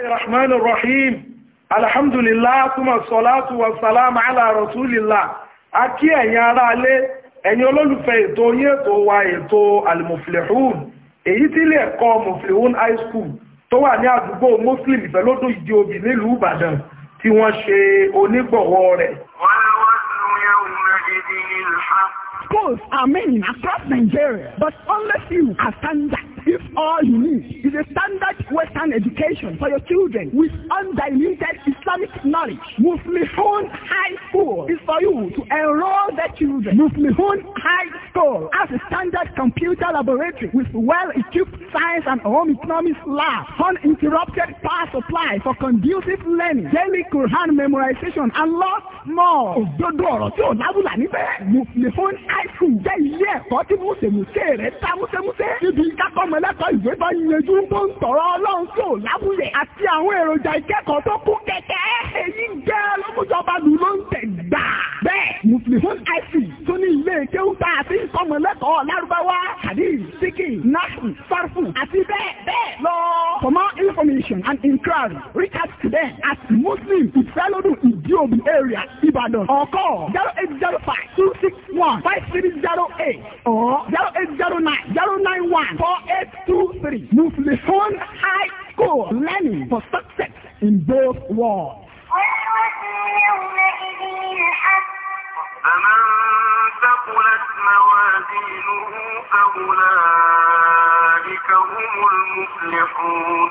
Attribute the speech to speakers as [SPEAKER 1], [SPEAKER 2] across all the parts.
[SPEAKER 1] الرحمن الرحيم الحمد لله ثم الصلاة والسلام على رسول الله akí ẹ̀yin ará alé ẹ̀yin olólùfẹ́ ètò yín ètò wa ètò almuflihun èyí tí ilé ẹ̀kọ́ muflihun high school tó wà ní àdúgbò muslim ìfẹ́lódún ìdí obì nílùú ìbàdàn tí wọ́n ṣe onígbọ̀wọ́ rẹ̀.
[SPEAKER 2] wọ́n lọ́wọ́ sí ohun ẹ̀hùn mẹ́rin ní ìlú Miracles are made across Nigeria, but unless you are standard, if all you need is a standard Western education for your children with undiluted Islamic knowledge, Muflihun High School is for you to enroll their children. Muflihun High School has a standard computer laboratory with well-equipped science and home economics lab, uninterrupted power supply for conducive learning, daily Quran memorization, and lots more. Òdodo High Jésù jẹ́ ilé ẹ̀kọ́ tí mùsèmùsè rẹ̀ ta mùsèmùsè. Níbi kákọ́mọlẹ́kọ̀ọ́ ìwé bá yanjú tó ń tọ̀rọ̀ ọlọ́run tí ò Àti àwọn èròjà ìkẹ́kọ̀ọ́ tó kún kẹ̀kẹ́ èyí jẹ́ lọ́mújọba lù ló ń tẹ̀ gbàá bẹ́ẹ̀ mùsùlùmí àìsí tó ní ilé kéwù tá a ti sọmọ lẹ́kọ̀ọ́ lárúbáwá hadith síkì nafu farfu àti bẹ́ẹ̀ bẹ́ẹ̀ lọ. for more information and inquiry reach out to them at muslim ifeolodun idiobi area ibadan or call zero eight zero five two six one five three zero eight or zero eight zero nine zero nine one four eight two three muslim high school learning for success in both worlds. فمن ثقلت موازينه فأولئك هم المفلحون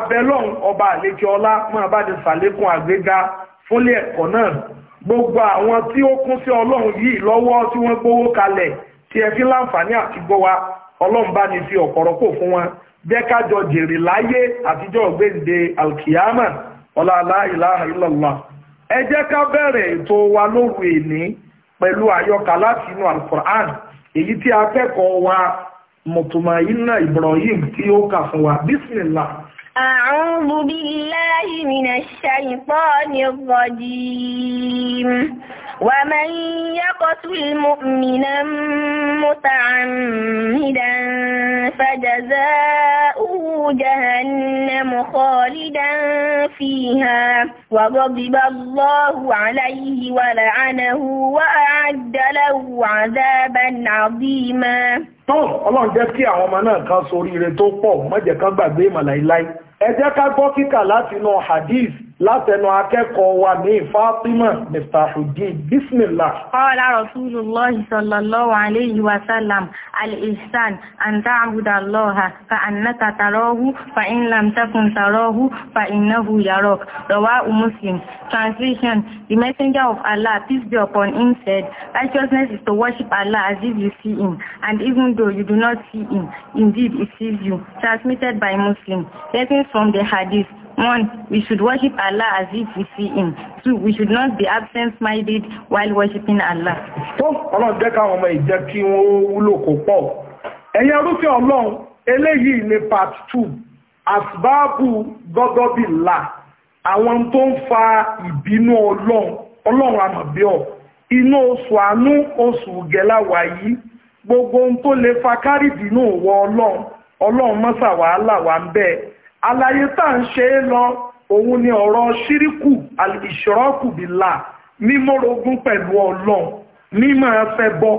[SPEAKER 1] abẹ́lọ́n ọba àlejò ọlá máa bá ní sàlékún àgbéga fúnlé ẹ̀kọ́ náà gbogbo àwọn tí ó kún sí ọlọ́run yìí lọ́wọ́ tí wọ́n gbówó kalẹ̀ tí ẹ fi láǹfààní àti gbọ́ ọlọ́run bá ní fi ọ̀kọ̀rọ̀ fún wọn jẹ́ kájọ jèrè láyé àtijọ́ ògbéǹde alkiyama ọláàlá ìlàhà ìlàlá ẹ jẹ́ ká bẹ̀rẹ̀ ètò wa lóru èní pẹ̀lú àyọkà láti inú alkur'an èyí tí akẹ́kọ̀ọ́ wa mùtùmáyínà ibrahim tí ó kà fún wa bísmìlá
[SPEAKER 2] أعوذ بالله من الشيطان الرجيم ومن يقتل مؤمنا متعمدا فجزاؤه جهنم خالدا فيها وغضب الله عليه ولعنه وأعلم وأعد له عذابا عظيما
[SPEAKER 1] tó ọlọ́run jẹ́ kí àwọn ọmọ náà kan soríire tó pọ̀ má jẹ́ látinú hadith látẹnu akẹ́kọ̀ọ́ wa ní Fátímà Miftahuddin bismillah.
[SPEAKER 2] Qala Rasulullahi sallallahu alayhi wa sallam al-ihsan an ta'buda Allaha fa annaka tarahu fa in lam takun fa innahu yarak. Rawahu Muslim. Translation: The Messenger of Allah, peace be upon him, said, Righteousness is to worship Allah as if you see him, and even though you do not see him, indeed he sees you. Transmitted by Muslim. Lessons from the Hadith. One, we should worship Allah as if we see him. Two, we should not be absent-minded while worshiping Allah. Tó ọlọ́run
[SPEAKER 1] jẹ́ káwọn ọmọ ìjẹ́ kí wọ́n wúlò kó pọ̀. Ẹ̀yin arúfẹ́ ọlọ́run, eléyìí ni part two, Asbáàbù Gọ́gọ́bì Là, àwọn tó ń fa ìbínú ọlọ́run, ọlọ́run àmọ̀bíọ̀. Inú oṣù àánú oṣù gẹ̀lá wà yìí, gbogbo ohun tó lè fa kárìdínú wọ ọlọ́run, ọlọ́run mọ́sà wàhálà wà ń bẹ́ẹ̀ àlàyé tá à ń ṣe é lọ òun ni ọ̀rọ̀ ṣíríkù ìṣọ́rọ́kù bìlà mímọ́rogún pẹ̀lú ọlọ́run mímọ́ fẹ́ bọ́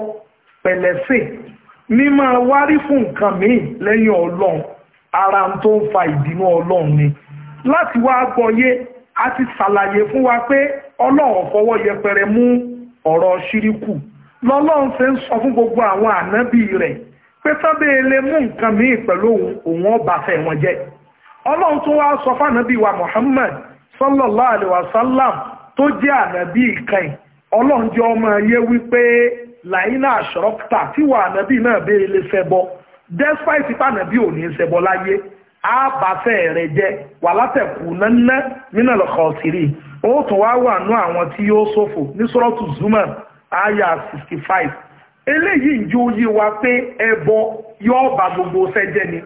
[SPEAKER 1] pẹ̀lẹ́sìn mímọ́ wárí fún nǹkan míì lẹ́yìn ọlọ́run ara tó ń fa ìbínú ọlọ́run ni láti wá gbọ́yé a ti ṣàlàyé fún wa pé ọlọ́run fọwọ́ yẹpẹrẹ mú ọ̀rọ̀ ṣíríkù lọ́lọ́run ṣe ń sọ fún gbogbo àwọn ànábì rẹ̀ pé sábẹ́ ilé mú nǹkan míì pẹ̀lú òun ọba fẹ́ wọn jẹ́ ọlọ́run tún wá sọ fánàbí wa Muhammad sallallahu alaihi wasallam tó jẹ́ ànàbí ìkẹyìn ọlọ́run jẹ́ ọmọ ayé wípé làínà àṣọ́rọ́pítà tí wà ànàbí náà béèrè lè ṣẹbọ despite pànàbí ò ní ṣẹbọ láyé àbáfẹ́ rẹ̀ jẹ́ wà látẹ̀kù nánná mínà lọ́kọ̀ òsìrí ó tún wá wà nú àwọn tí yóò ṣòfò ní sọ́rọ́tù Zumar aya 65 eléyìí ń jó yé wa pé ẹbọ yóò bà gbogbo ṣẹ́jẹ́ ni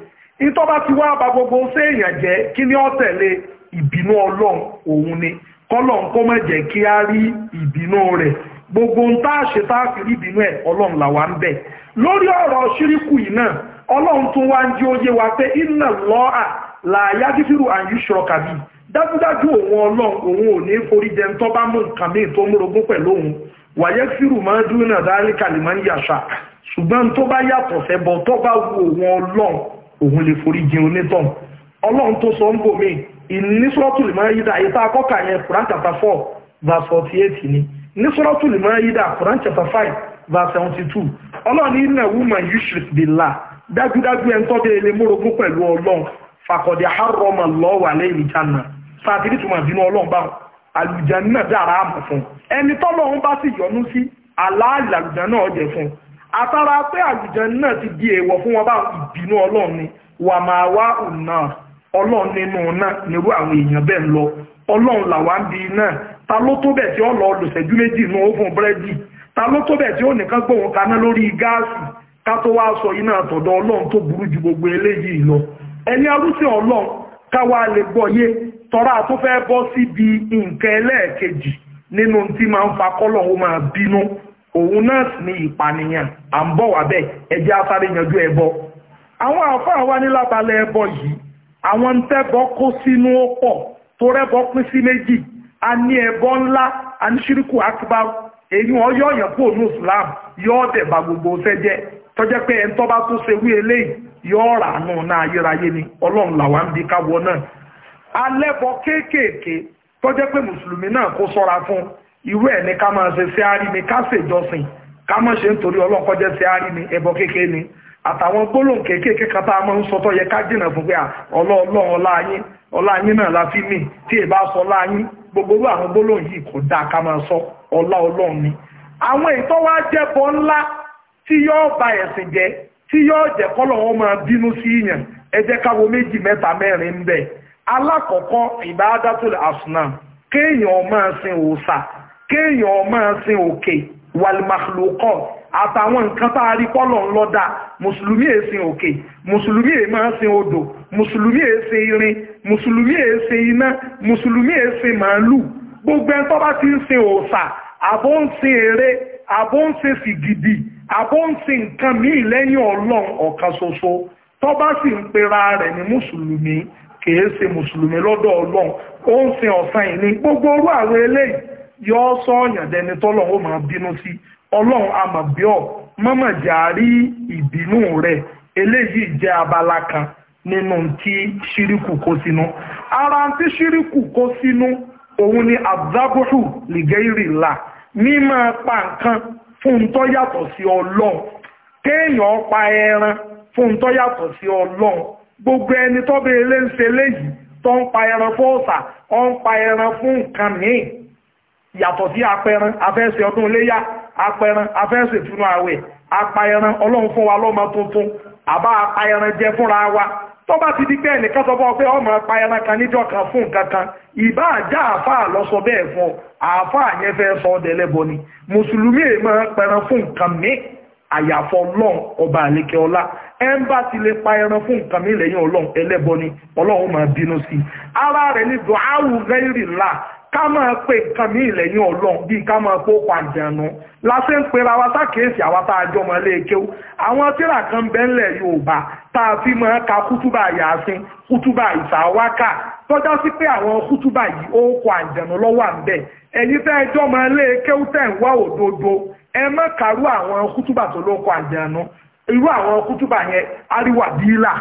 [SPEAKER 1] ìtọ́ bá ti wá bá gbogbo ṣé èèyàn jẹ́ kí ní ó ìbínú ọlọ́run òun ni kọ́lọ́n kó má jẹ́ kí a rí ìbínú rẹ̀ gbogbo ń tá àṣẹ fi rí ìbínú ẹ̀ ọlọ́run làwa ń bẹ̀ lórí ọ̀rọ̀ ṣíríkù yìí náà ọlọ́run tún wá ń jí oyé wa pé iná lọ́à fífìrù àyù dájúdájú òun ọlọ́run òun ò ní forí tó bá mú nǹkan míì tó múrogún wu òun ọlọ́run òun lè forí jin onítàn ọlọ́run tó sọ ń bò mí ìnísọ́tù máa yídà ìta akọ́kà yẹn Quran chapter verse 48 ni nísọ́tù lè máa yídà Quran chapter 72 verse ọlọ́run ní woman dájúdájú ẹ̀ ń tọ́jú ilé pẹ̀lú ọlọ́run fàkọ̀dé bínú ọlọ́run bá àlùjá náà atara pé àlùjànnà náà ti di èèwọ̀ fún wọn bá ìbínú ọlọ́run ni wà máa wá ọ̀nà ọlọ́run nínú náà nírú àwọn èèyàn bẹ́ẹ̀ lọ ọlọ́run ń bi náà ta ló tó bẹ̀ tí ó lọ lòṣẹ́jú méjì inú oven búrẹ́dì ta ló tó bẹ̀ tí ó nìkan gbóhùn kaná lórí gáàsì ká tó wá sọ iná àtọ̀dọ̀ ọlọ́run tó burú ju gbogbo eléyìí lọ ẹni ọlọ́run òun náà sì ni ìpànìyàn à ń bọ̀ wá bẹ́ẹ̀ ẹjẹ́ asáré yanjú ẹbọ àwọn àáfàá wa ní lábalẹ̀ ẹbọ yìí àwọn ń tẹ́bọ kó sínú ó pọ̀ tó rẹ́bọ pín sí méjì a ní ẹbọ ńlá a ní ṣíríkù akbar èyí wọn yọ ọ̀yàn kúrò ní islam yọ ọ̀dẹ̀ bá gbogbo fẹ́ jẹ́ tọ́jẹ́ pé ẹni tó bá tó eléyìí yọ ọ̀rà àánú náà ayérayé ni ọlọ́run làwọn ń bi káwọ náà alẹ́bọ kéékèèké tọ́jẹ́ pé mùsùlùmí náà kó sọ́ra fún un irú ẹ̀ ní ká máa ṣe sí àárí ni ká ṣèjọsìn ká má ṣe nítorí ọlọ́kọ́jẹ́ sí ni ẹbọ kékeré ni àtàwọn gbólóhùn kéékèèké kan tá a máa ń sọ tó yẹ ká jìnà fún pé ọlọ́ọ̀lọ́ ọlá yín náà la sọ ọlá gbogbo àwọn gbólóhùn yìí kò dáa ká máa sọ ọlá ọlọ́run ni àwọn wa ńlá tí yóò ba ẹ̀sìn tí yóò jẹ́ kọ́lọ̀ wọn máa bínú sí ẹ jẹ́ méjì mẹ́ta mẹ́rin ń bẹ̀ alákọ̀ọ́kọ́ àsùnà kéèyàn máa sin kéèyàn máa sin òkè wàlìmàlùkọ́ àtàwọn nǹkan tá a rí pọ́lọ̀ ńlọ́dà mùsùlùmí è sin òkè mùsùlùmí è máa sin odò mùsùlùmí è sin irin mùsùlùmí è sin iná mùsùlùmí è sin màálù gbogbo ẹni tó bá ti ń sin òòṣà àbó ń sin eré àbó ń sin sìgìdì àbó ń sin nǹkan míì lẹ́yìn ọlọ́run ọ̀kan ṣoṣo tó bá sì ń pera rẹ̀ ní mùsùlùmí kìí ṣe mùsùlùmí lọ́dọ̀ ọlọ́run ó ń sin ọ̀sán ìní gbogbo orú àwọn eléyìí yóò sọ ọ̀yàn dẹni tọ́lọ̀ ó máa bínú sí ọlọ́run amọ̀bíọ̀ mọ́mọ̀ jà rí ìbínú rẹ̀ eléyìí jẹ́ abala kan nínú tí ṣíríkù kó sínú ara tí ṣíríkù kó sínú òun ni abdabuhu ligeirila mímọ pa nǹkan fún tó yàtọ̀ sí ọlọ́run kéèyàn pa ẹran fún tó yàtọ̀ sí ọlọ́run gbogbo ẹni tó bẹ eléńṣe léyìí tó ń pa ẹran fún ọ̀sà ó ń pa ẹran fún nǹkan mìíràn yàtọ̀ sí apẹran afẹ́sẹ̀ ọdún iléyà apẹran afẹ́sẹ̀ túnú àwẹ̀ apa ẹran ọlọ́run fún wa lọ́mọ tuntun àbá apa ẹran jẹ fúnra wa tó bá ti di pé ẹnìkan sọ fún ọ pé ọmọ apa ẹran kan níjọ kan fún nǹkan kan ìbá àjá àáfàá lọ sọ bẹ́ẹ̀ fún ọ àáfàá yẹn fẹ́ sọ ọdẹ lẹ́bọ ni mùsùlùmí èèyàn máa pẹran fún nǹkan míì àyàfọ́ ọlọ́run ọba àlékè ọlá ẹnbà ti lè pa ẹran fún nǹkan mi lẹ́yìn ọlọ́run ẹlẹ́bọ ni ọlọ́run máa bínú sí i ara rẹ̀ ní dùn áwù gẹ́rì là ká máa pè nǹkan ní ìlẹ́yìn ọlọ́run bíi ká máa kó pàjánù láti ń pera wa sákèésì àwa tá a jọ mọ́ ilé kéwú àwọn tíra kan bẹ́ńlẹ̀ yorùbá tá a fi máa ka kútúbà yàásín kútúbà ìsàwákà tọ́já sí pé àwọn kútúbà yìí ó kó àjànù lọ́wọ́ à ń bẹ̀ ẹ̀yin tẹ́ ẹ jọ mọ́ ilé tẹ̀ ń wá òdodo ẹ má kàrú àwọn kútúbà tó ló kó àjànù irú àwọn kútúbà yẹn ariwa bíílà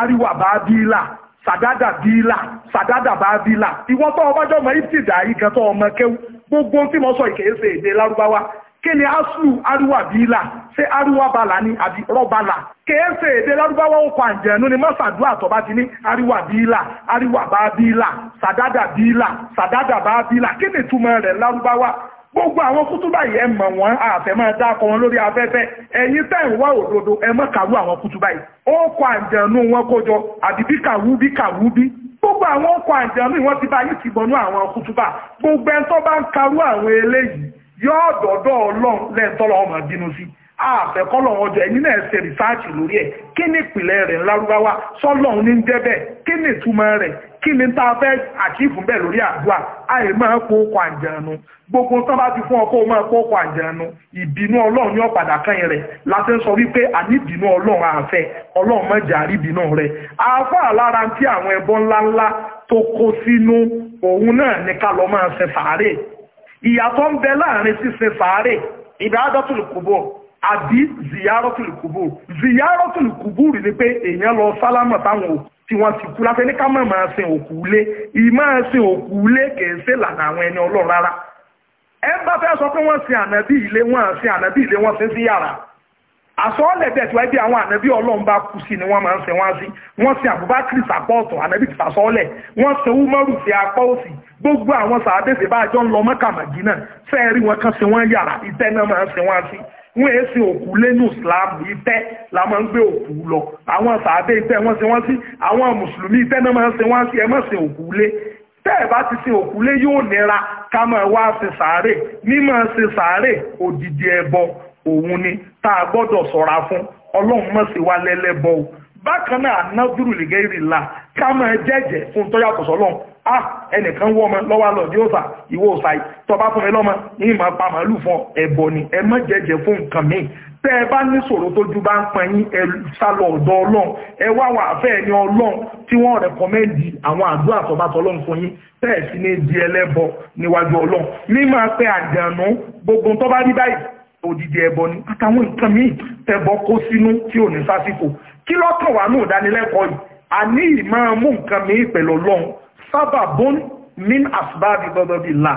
[SPEAKER 1] ariwa bá bíílà sàdádà bíílà sàdádà bá bíílà ìwọ́n tó ọbájọ́ ọmọ ìtìdá ìkan tó ọmọ kéwú gbogbo tí mo sọ ìkèése èdè lárúbáwá kí ni aslu arúwà bíílà ṣé arúwà bàlà ni àbí rọ́bàlà kèése èdè lárúbáwá ọkọ̀ àǹjẹ̀nu ni mọ́sàdúrà tó bá ti ní arúwà bíílà arúwà bá bíílà sàdádà bíílà sàdádà bá bíílà kí ni túmọ̀ rẹ̀ lárúbáwá gbogbo àwọn kútúbà yìí ẹ mọ̀ wọ́n àfẹ́ máa dákọ̀ wọn lórí afẹ́fẹ́ ẹ̀yin tẹ́ ń wá òdodo ẹ má kàwú àwọn kútúbà yìí ó kọ àǹjẹ̀nú wọn kójọ àbí bí kàwú bí kàwú bí gbogbo àwọn ọkọ̀ àǹjẹ̀nú ìwọ́n ti bá ti bọnú àwọn kútúbà gbogbo ẹni bá ń karú àwọn eléyìí yóò dọ̀dọ̀ ọlọ́run lẹ́ńtọ́lọ́ ọmọ àfẹ́kọ́lọ̀ wọn jọ ẹ̀yin náà ṣe rìsáàtì lórí ẹ̀ kí ni ìpìlẹ̀ rẹ̀ ńlárúbáwá sọ́lọ́run ní jẹ́ bẹ́ẹ̀ kí ni ìtumọ̀ rẹ̀ kí ni tá a fẹ́ àkífù bẹ́ẹ̀ lórí àdúrà àyè máa kó okọ̀ àjẹ̀nu gbogbo tán bá ti fún ọkọ̀ ó máa kó okọ̀ àjẹ̀nu ìbínú ọlọ́run ní ọ̀padà kan rẹ̀ láti sọ wípé àní ìbínú ọlọ́run àfẹ́ ọlọ́run má jẹ́ àrí ìbínú rẹ̀ àáfàá lára tí àwọn ẹbọ ńláńlá tó kó sínú òun náà ní ká lọ máa ṣe fàárè ìyàtọ̀ ń bẹ láàrin ṣíṣe fàárè ìbádọ́tùlù kúbọ̀ àbí ziyarọ́tùlù kùbù ziyarọ́tùlù kùbù rí ni pé èèyàn lọ sálámà táwọn òkú tí wọ́n ti kú láfẹ́ ní ká má máa sin òkú ilé ìmá sin òkú ilé kìí ṣe lànà àwọn ẹni ọlọ́run rárá ẹ bá fẹ́ sọ pé wọ́n sin ànábì ilé wọ́n sin ànábì ilé wọ́n sin sí yàrá àsọ́ọ̀lẹ̀ bẹ̀ tí wáyé bí àwọn ànábí ọlọ́run bá kú sí ni wọ́n máa ń ṣe wọ́n sí wọ́n ṣe àbúbákiri sàpọ̀ ọ̀tọ̀ ànábí ti fàsọ́ọ̀lẹ̀ wọ́n ṣe wúmọ́rù sí apá òsì gbogbo àwọn sàádẹ́sẹ̀ bá àjọ ń lọ mọ́kàmàjì náà fẹ́ẹ́ rí wọn kan ṣe wọ́n yàrá ìtẹ́ náà máa ń ṣe wọ́n sí wọ́n èé sin òkú lẹ́nu islam ìtẹ́ la máa ń gbé òkú lọ àwọn sàádé ìtẹ́ wọ́n sin wọ́n sí àwọn mùsùlùmí ìtẹ́ náà máa ń sin wọ́n sí ẹ má sin òkú lé tẹ́ ẹ̀ bá ti sin òkú lé yóò nira ká máa wá sin sàárè mímọ́ sin sàárè òdìdí ẹbọ òun ni tá a gbọ́dọ̀ sọ̀ra fún ọlọ́run má ṣe wá lẹ́lẹ́bọ o bákan náà nádùrù lè gẹ́rì la ká máa jẹ́jẹ́ fún tó yàtọ̀ sọ́lọ́run a ah, ẹnìkan wọ́ ọmọ lọ́wọ́ lọ bí òòsà ìwọ òòsà yìí tó bá fún mi lọ́mọ yìí máa pa màálù fún ẹbọ ni ẹ má jẹ́jẹ́ fún nǹkan mi tẹ́ ẹ bá ní ṣòro tójú bá ń pọn yín ẹ sá lọ ọ̀dọ̀ ọlọ́run ẹ wá wà fẹ́ ẹni ọlọ́run tí wọ́n rẹ̀kọ́mẹ́ndì àwọn àdúrà tọ́bátọ́ ọlọ́run fún yín tẹ́ ẹ sì ní di ẹlẹ́bọ níwájú ọlọ́run mímọ́ pé àjànú gbogbo tó bá rí báyìí odidi ẹbọ ni àtàwọn nǹkan míì tẹbọ kó sínú tí ò ní sásìkò kí lọ́kàn wà ní ìdánilẹ́kọ̀ọ́ yìí a ní ìmáàmú nǹkan míì pẹ̀lú ọlọ́run sábà bọ́n min asbáàbí gbọ́dọ̀ là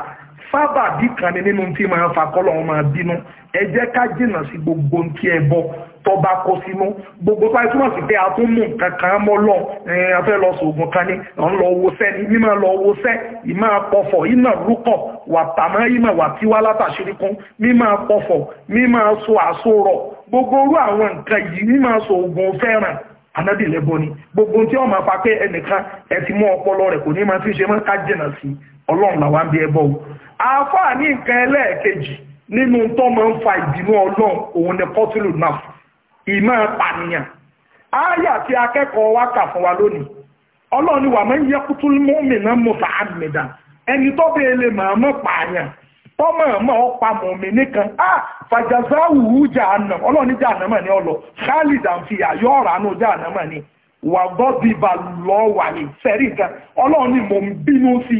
[SPEAKER 1] sábàbí kan ni nínú tí máa ń fa kọ́lọ́run máa bínú ẹ jẹ́ ká jìnnà sí gbogbo ohun tí ẹ bọ tọba kó sínú gbogbo tó àìsàn sí pé a tún mú nǹkan kan mọ́ lọ ẹ̀yìn afẹ́ lọ sògùn kan ni ọ̀ ń lọ owó sẹ́ ni mímọ́ lọ owó sẹ́ ìmọ̀ pọ̀fọ̀ ìmọ̀ rúkọ̀ wà tàmọ́ ìmọ̀ wà tíwá látàṣírí kún mímọ̀ pọ̀fọ̀ mímọ̀ so àsorọ̀ gbogbo orú àwọn nǹkan yìí mímọ̀ sògùn fẹ́ràn anabi ni gbogbo tí wọ́n máa fa pé ẹnìkan ẹ ti mú ọpọlọ rẹ̀ kò ní máa fi ṣe máa ká jìnnà sí ọlọ́run làwọn bí ẹbọ o àáfàá ní nǹkan ẹlẹ́ẹ̀kejì nínú tó máa ń fa ìbínú ọlọ́run òun ni kọ́tùlù náà ìmọ̀ pànìyàn ááyà tí akẹ́kọ̀ọ́ wa kà fún wa lónìí ọlọ́run ni wà máa ń yẹ kútú mọ́mìnà mọ́fà àmìdá ẹni tó bẹ́ẹ̀ lè máa mọ́ pààyàn tọ́mọ̀ mọ́ ọ pa mọ̀mí nìkan á fàjàzá wùwú jahannam ọlọ́run ní jahannam ní ọlọ khalid àǹfìyà yọ ọ̀rọ̀ àánú jahannam ní wà gọ́dìbà lọ́wà ní sẹ́rí nǹkan ọlọ́run ni mò ń bínú sí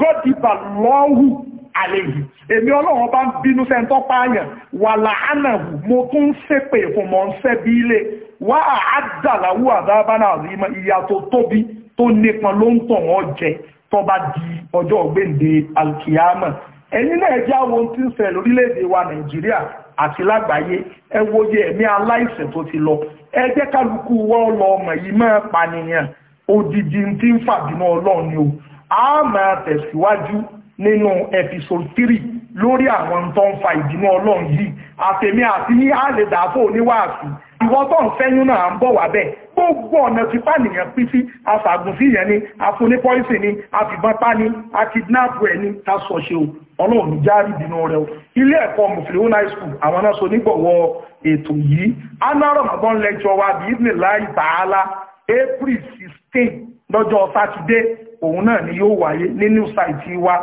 [SPEAKER 1] gọ́dìbà lọ́wù àlejò èmi ọlọ́run bá ń bínú sẹ́ńtọ́ pààyàn wà láàánà mo tún ń ṣépè fún mọ́ ń ṣẹ́ bí ilé wà á dàláwù àdábánà àríma ìyà tó tóbi tó nípọn ló ń tàn wọ́n jẹ tó bá di ọjọ́ ògbéǹde alkiyama ẹ̀yin náà jẹ́ àwọn tí ń ṣẹlẹ̀ lórílẹ̀‐èdè wa nàìjíríà àti lágbàáyé ẹ ẹ̀mí aláìsàn tó ti lọ ẹ kálukú wọ́n lọ ọmọ yìí máa pànìyàn odidi tí ń fàbínú ọlọ́run ni o a máa tẹ̀síwájú nínú episode three lórí àwọn tó ń fa ìdínú ọlọ́run yìí àtẹ̀mí àti ní àlèdàfò oníwàásù ìwọ́n tó ń fẹ́yún náà ń bọ̀ wá bẹ́ẹ̀ gbogbo ọ̀nà tí pànìyàn pín sí afàgùn sí ìyẹn ni afúnipọ́ìsì ni afìbọ́pá ni akidnap ẹ̀ ni tasọ̀ṣe o ọlọ́run ní járí ìdínú rẹ o ilé ẹ̀kọ́ mufilihun high school àwọn náà so nígbọ̀wọ́ ètò yìí anárọ̀mọ́gbọ́n lẹ́jọ́ wa bí ibn láì tààlà April 16 lọ́jọ́ sátidé òun náà ni yóò wáyé nínú sáìtì wa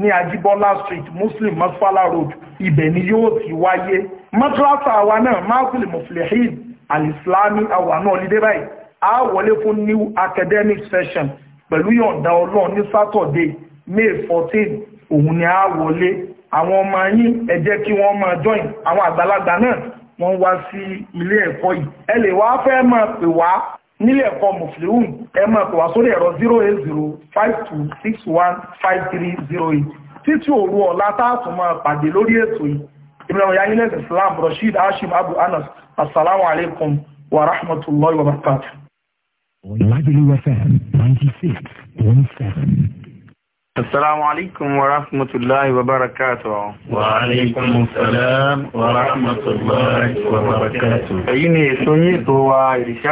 [SPEAKER 1] ní ajibola street muslim masfala road ibẹ̀ ni yóò ti wáyé madrasa àwa náà masul muflihin alislami àwa náà lídé báyìí a wọlé fún new academic session pẹ̀lú yọ̀ǹda ọlọ́run ní saturday may 14 òun ni a wọlé àwọn ọmọ yín ẹ jẹ́ kí wọ́n máa join àwọn àgbàlagbà náà wọ́n wá sí ilé ẹ̀kọ́ yìí ẹ lè wá fẹ́ máa pè wá nílé ẹ̀kọ́ mufliun ẹ máa pè sórí ẹ̀rọ 08052615308 títí òru ọ̀la táàtù máa pàdé lórí ètò yìí ìmìnira ọ̀yá ilẹ̀ islam rashid hashim abu anas assalamu alaikum wa rahmatullahi wa barakatuh. Lágbèlú FM 96.7. Assalamu alaikum wa rahmatullahi wa barakatuh. Wa alaikum salam wa rahmatullahi wa